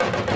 you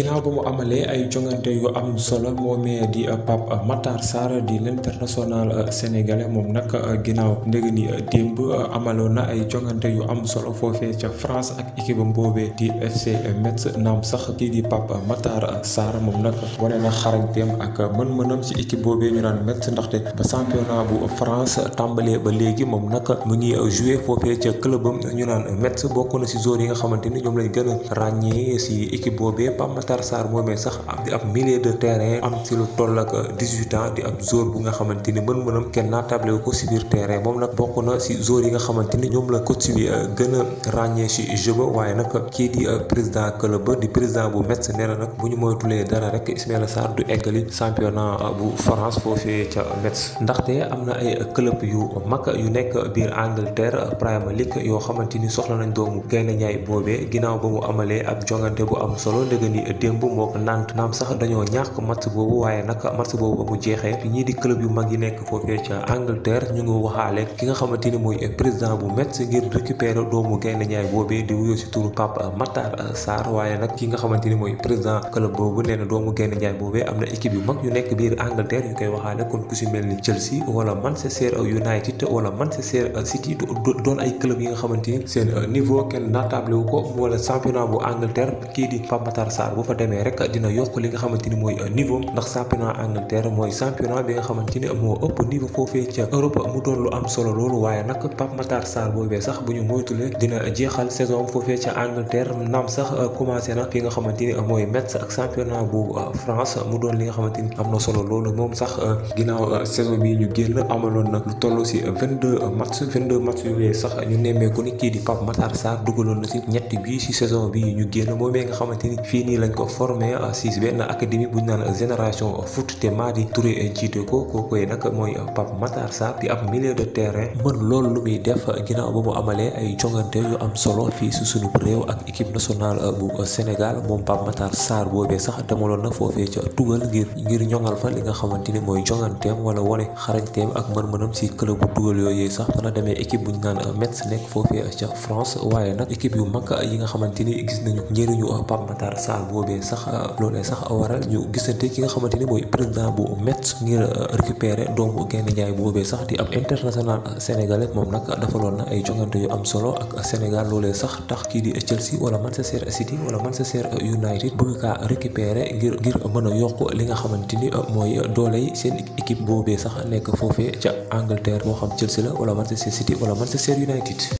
ginnaaw ba mu amalee ay jongante yu am solo moomee di uh, Pape uh, Matar Sarr di l'international uh, sénégalais moom nag ginnaaw ndege ni démb amaloon na ay jongante yu am solo foofee ca France ak équipe boobee di FC Metz naam sax kii di Pape Matar Sarr moom nag wane na xarañteem ak mën-mënam ci équipe boobee ñu naan Metz ndaxte ba championnat bu France tàmbalee ba léegi moom nag mu ngi joué foofee ca clubam ñu naan Metz bokk na ci joueurs yi nga xamante ni ñoom lañ gën a ràññee ci équipe Makhtar Sarr moomee sax am di ab milieu de terrain am ci lu toll ak 18 ans di ab joueur bu nga xamante ni mën-mënam kenn naatable ko ci biir terrain moom nag bokk na ci joueur yi nga xamante ni ñoom la coach bi euh, gën a ràññee ci waaye nag kii di euh, président club ba di président bu Metz nee na nag bu ñu moytulee dara rek Ismaïla Sarr du eggali championnat euh, bu France foofee ca Metz ndaxte am na ay club yu mag yu nekk biir Angleterre Premier League yoo xamante ni soxla nañ doomu gaynde ñaay boobee ginnaaw ba mu amalee ab jongante bu am solo démb moo ko nant naam sax dañoo ñàkk match boobu waaye nag match boobu ba mu jeexee ñii di club yu mag yi nekk foofee ca Angleterre ñu ngi waxaale ki nga xamante ni mooy président bu Metz ngir récupérer doomu gaynde ñaay boobee di wuyoo si turu Pape Matar Sarr waaye nag ki nga xamante ni mooy président club boobu nee na doomu gaynde ñaay boobee am na équipe yu mag yu nekk biir Angleterre yu koy waxaale kon ku si mel ni Chelsea wala Manchester United wala Manchester City doon ay club yi nga xamante ni seen niveau kenn naatable wu ko wala championnat bu Angleterre kii di Pape Matar bu fa demee rek dina yokk li nga xamante ni mooy niveau ndax championnat Angleterre mooy championnat bi nga xamante ni moo ëpp niveau foofee ca Europe mu doon lu am solo loolu waaye nag Pape Matar Sarr boobee sax bu ñu moytulee dina jeexal saison foofee ca Angleterre naam sax commencé na fi nga xamante mooy Metz ak li nga xamante ni am na solo loolu moom sax ginnaaw saison bi ñu génn amaloon na lu toll si vingt deux match vingt deux match sax ñu nemmeeku ni kii di Pape Matar Sarr dugaloon na si ñetti bii si saison bi ñu génn moomee nga xamante ni fii lañ ko formé si benn académie bu ñu ko kookoy nag mooy Pape Matar Sarr di ab milieu de terrain mën loolu lu muy def ginnaaw ba mu amalee ay jongante yu am solo fii si sunu réew ak équipe nationale bu Sénégal moom Pape Matar Sarr boobee sax demaloon na foofee ca tugal ngir ngir ñoŋal fa li nga xamante ni mooy jonganteem wala wane xarañteem ak mën-mënam si club bu tugal yooyu sax dana demee équipe bu ñu naan Metz nekk foofee ca France waaye nag équipe yu mag yi nga xamante ni gis nañu njëriñu Pape Matar Sarr boobee sax euh, loolee sax waral ñu gisante ki nga xamante ni mooy président bu Metz ngir euh, récupérer doomu Gaynde Njaay boobee sax di am international sénégalais moom nag lool na ay jongante yu am solo ak Sénégal loolee sax tax kii di Chelsea wala Manchester City wala Manchester United bëgg kaa récupérer ngir ngir mën a yokk li nga xamante ni euh, mooy dooley seen équipe boobee sax nekk foofee ca Angleterre moo xam Chelsea la wala Manchester City wala Manchester United.